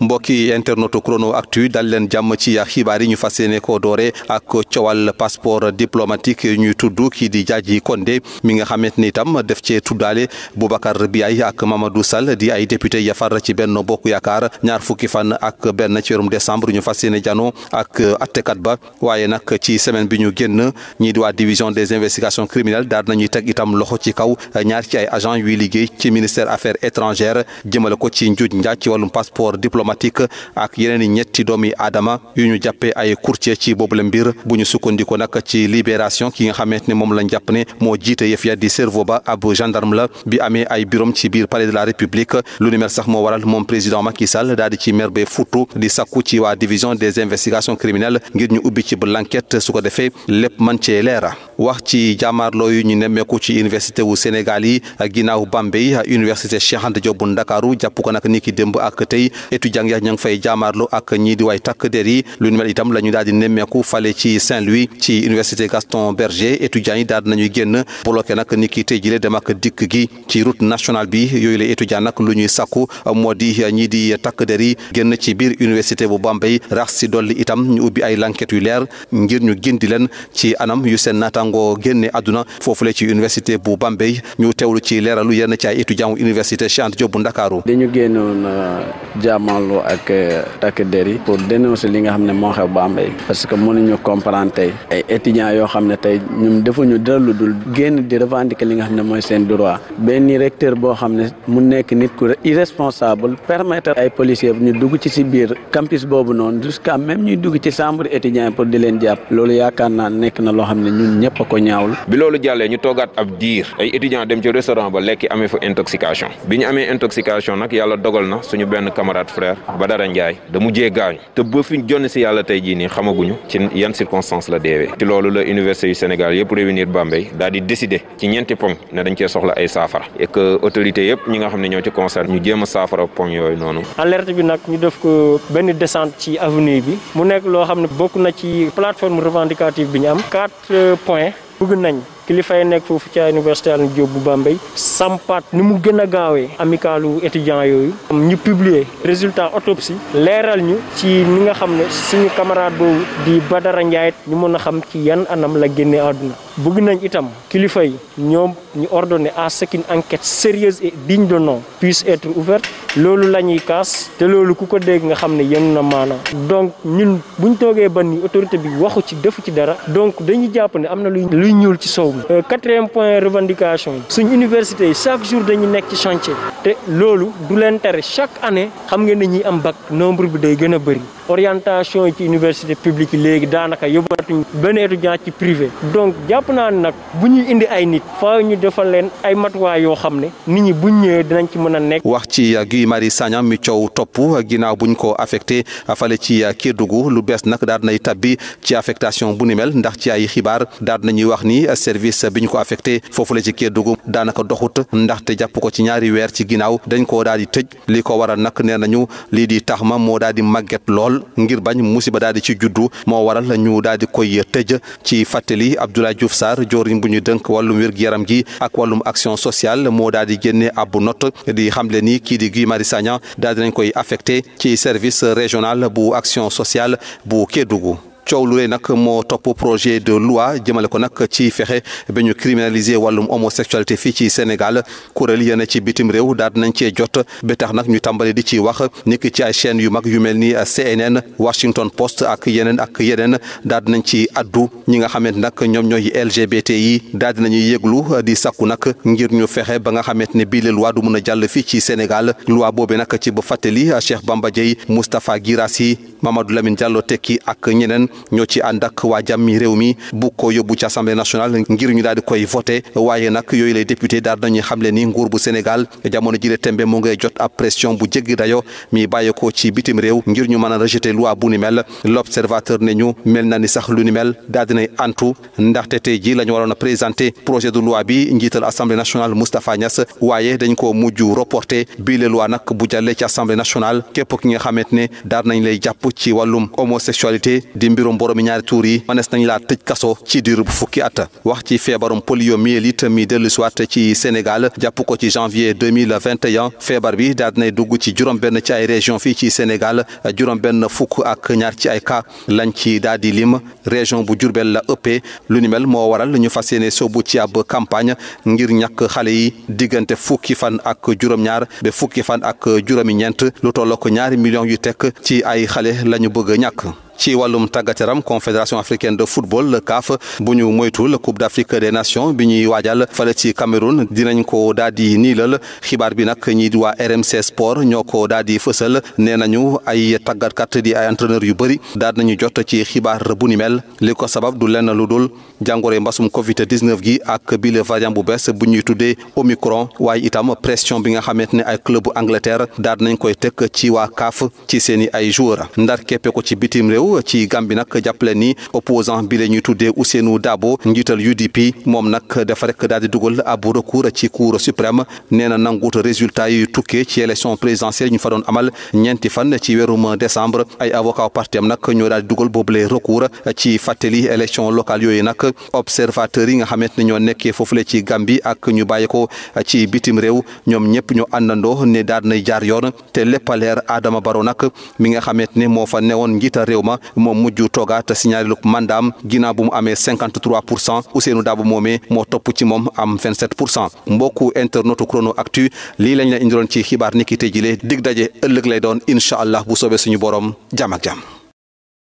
mbokki internet crono actu dal leen jàmm ci xibaar yi ñu fas yéene ko doore ak coowal passeport diplomatique ñuy tudd kii di Diadji Condé mi nga xamante ni itam def cee tuddaale Boubacar Biaye ak mamadu sal di ay député yafar ci benn Bokk Yaakaar ñaar fukki fan ak benn ci weerum décembre ñu fas yéene jano ak attekat ba waaye nag ci semaine bi ñu génn ñii di waa division des investigations criminelles daal nañu teg itam loxo ci kaw ñaar ci ay agent yuy liggéey ci ministère affaires étrangères jëmale ko ci njuuj njaaj ci wàllum passeport diplomatique diplomatique ak yeneen ñetti doomi aadama yu ñu jàppee ay courtier ci boobu la mbir bu ñu sukkandiko nag ci libération ki nga xamante ne moom lañ jàpp ne moo jiite yëf ya di cerveau ba ab gendarme la bi amee ay birom ci biir palais de la république lu ni sax moo waral moom président Macky Sall daal di ci mer ba futu di sakku ci waa division des investigations criminelles ngir ñu ubbi ci ba l'enquête su ko defee lépp man cee leera wax ci jàmmaarloo yu ñu nemmeeku ci université wu Sénégal yi ginnaaw Bambey université Cheikh Anta Diop bu Ndakaaru jàpp ko nag ni ki démb ak tey étudiants ya ña ngi fay jàmmaarloo ak ñii di waay takk der yi lu ñu mel itam la ñu daal di nemmeeku fale ci Saint-Louis ci université Gaston Berger étudiants yi daal nañuy génn bloqué nag ni ki tey jile dem dikk gi ci route nationale bi yooyu la étudiants nag lu ñuy sàkku moo di ñii di takk der yi génn ci biir université bu Bambey rax si dolli itam ñu ubbi ay lanket yu leer ngir ñu gindi leen ci anam nangoo génne àdduna foofule ci université bu Bambey ñu teewlu ci leeralu yenn ci ay étudiant université Cheikh Anta Ndakaaru dañu génnoon euh, jaamaloo ak takk euh, pour dénoncer li nga xam ne moo xew Bambey parce que mënuñu comprendre tey ay étudiants ne tey ñun defuñu dara lu dul génn li nga xam ne mooy seen droit benn recteur boo xam ne mu nekk nit ku irresponsable permettre ay policiers ñu dugg ci si biir campus boobu noonu jusqu'à même ñuy dugg ci chambre étudiant pour di leen jàpp loolu yaakaar naa nekk na loo xam ne ñun ñëpp bi loolu jàllee ñu toogaat ab diir ay étudiant dem ci restaurant ba lekki amee fa intoxication bi ñu amee intoxication nag yàlla dogal suñu benn camarade frère Badara Ndiaye da mujjee gaañu te ba fi si yàlla tey jii xamaguñu ci yan circonstance la deewee ci loolu la université yu Sénégal yëpp réunir Bambey daal di décider ci ñeenti poñ ne dañ cee soxla ay saafara et autorité yëpp ñi nga xam ne ñoo ci concerne a saafara yooyu noonu alerte bi na bëgg nañ kilifa yi nekk foofu ca université Alioune Diop bu Bambey sampat ni mu gën a gaawee amicalu étudiants yooyu ñu publier résultat autopsie leeral ñu ci ni nga xam ne suñu camarade bi ba dara Ndiaye ñu mën a xam ci yan anam la génnee àdduna bëgg nañ itam kilifa yi ñoom ñu ordonné à ce enquête sérieuse et digne de nom puisse être ouverte loolu la ñuy kaas te loolu ku ko dégg nga xam ne yéen na maanaam donc ñun buñ toogee ban ni autorité bi waxu ci defu ci dara donc dañuy jàpp ne am na luy luy ñuul ci sow boobu euh, quatrième point revendication yi suñ université yi chaque jour dañu nekk ci chantier te loolu du leen tere chaque année xam ngeen ne ñuy am bag nombre bi day gën a bëri orientation yi ci université publique léegi daanaka yóbbatuñ benn étudiant ci privé donc jàpp naa ne nag bu ñu indi ay nit faaw ñu defal leen ay matuwaay yoo xam ne nit ñi buñ ñëwee dinañ ci mën a nekk. wax ci Guy Marius Sagna mi coow topp ginnaaw buñ ko affecté fale ci Kédougou lu bees nag daal nay tabbi ci affectation bu ni mel ndax ci ay xibaar daal nañuy wax ni service biñ ko affecté foofu la ci Kédougou daanaka doxut ndaxte jàpp ko ci ñaari weer ci ginnaaw dañ ko daal di tëj li ko waral nag nee nañu lii di tax ma moo daal di màgget lool amul ngir bañ musiba daal di ci juddu moo waral ñu daal di koy tëj ci fàttali Abdoulaye Diouf Sarr joriñ bu ñu dënk wàllum wér-gu-yaram gi ak wàllum action sociale moo daal di génne ab note di xamle ni kii di Guy Marius Sagna daal di koy affecté ci service régional bu action sociale bu Kédougou coow lu rëy nag moo topp projet de luwa jëmale ko nag ci fexe ba ñu criminaliser wàllum homosexualité fii ci Sénégal kuréel yéen ci bitim réew daal nañ cee jot ba nag ñu tàmbali di ci wax niki ci ay yu mag yu mel ni CNN Washington Post ak yeneen ak yeneen daal nañ ci addu ñi nga xamante nag ñoom ñooy LGBT yi daal dinañuy yëglu di sakku nag ngir ñu fexe ba nga xamante ne bii la loi du mën a jàll fii ci Sénégal loi boobu nag ci ba fàttali Cheikh Bamba Dièye Moustapha Guirassy Mamadou Lamine Diallo tekki ak ñeneen ñoo ci ànd ak waa jàmmi réew mi bu ko yóbbu ci assemblée nationale ngir ñu daal di koy voté waaye nag yooyu ley député daal nañuy xamle ni nguur bu Sénégal jamono ji jile tembe mu ngay jot ab pression bu jéggi dayo mi bàyyeekoo ci bitim réew ngir ñu mën a rejeté loi bu ni mel l'observateur ne ñu mel na ni sax lu ni mel daal antu ndaxte te ji la ñu waroon a présenté projet de loi bi njiital assemblée nationale Moustapha Niass waaye dañ ko mujj reporté bii la loi nag bu jàllee ci assemblée nationale képp ki nga xamante ne daal nañ lay jàpp ci wàllum homosexualité di mbirum boromi ñaari tuur yi mënees nañ laa tëj kaso ci diir bu fukki at wax ci feebarum poliomyélite mi dellu siwaat ci Sénégal jàpp ko ci janvier 2021 feebar bi daal dinay dugg ci juróom-benn ci ay région fii ci Sénégal juróom-benn fukk ak ñaar ci ay cas lañ ci daal di lim région bu Jurbel la ëppee lu ni mel moo waral ñu fas yéene soobu ci ab campagne ngir ñàkk xale yi diggante fukki fan ak juróom-ñaar ba fukki fan ak juróomi ñeent lu tolloo ko ñaari millions yu tekk ci ay xale la ñu bëgg a ñàkk ci wàllum tàggat yaram confédération africaine de football CAF bu ñu moytuwul coupe d'Afrique des nation bi ñuy waajal fale ci Cameroun dinañ ko daal di niilal xibaar bi nag ñi waa RMC Sport ñoo ko daal di fësal nee nañu ay tàggatkat di ay entraîneur yu bëri daal nañu jot ci xibaar bu ni mel li ko sabab du lenn lu dul jàngoro mbasum Covid 19 gi ak bile variant bu bees bu ñuy tuddee Omicron waaye itam pression bi nga xamante ni ay club bu Angleterre daal koy teg ci waa CAF ci seen i ay joueurs ndar keppe ko ci bitim réew ñëw ci Gàmbi nag jàppale ni opposant bi la ñuy tuddee Ousseynou Dabo UDP moom nag dafa rek di dugal ab recours ci cour suprême nee na résultat yi tukkee ci élection présidentielle ñu fa doon amal ñeenti fan ci weerum décembre ay avocat parti am nag ñoo daal di dugal boobule recours ci fàttali élection local yooyu nag observateurs yi nga xamante ne ñoo nekkee foofule ci Gàmbi ak ñu bàyyi ko ci bitim réew ñoom ñëpp ñoo àndandoo ne daal nay jaar yoon te lépp a leer mois moo mujj toogaat si ñaareelu mandaam ginaa bu mu amee 53 pour cent Ousseynou Dabo moomee moo topp ci moom am 27 pour cent mbokku internetu Chrono Actu lii lañ la indiloon ci xibaar niki tey jile dig daje ëllëg lay doon incha allah bu soobee suñu borom jàmm ak jàmm.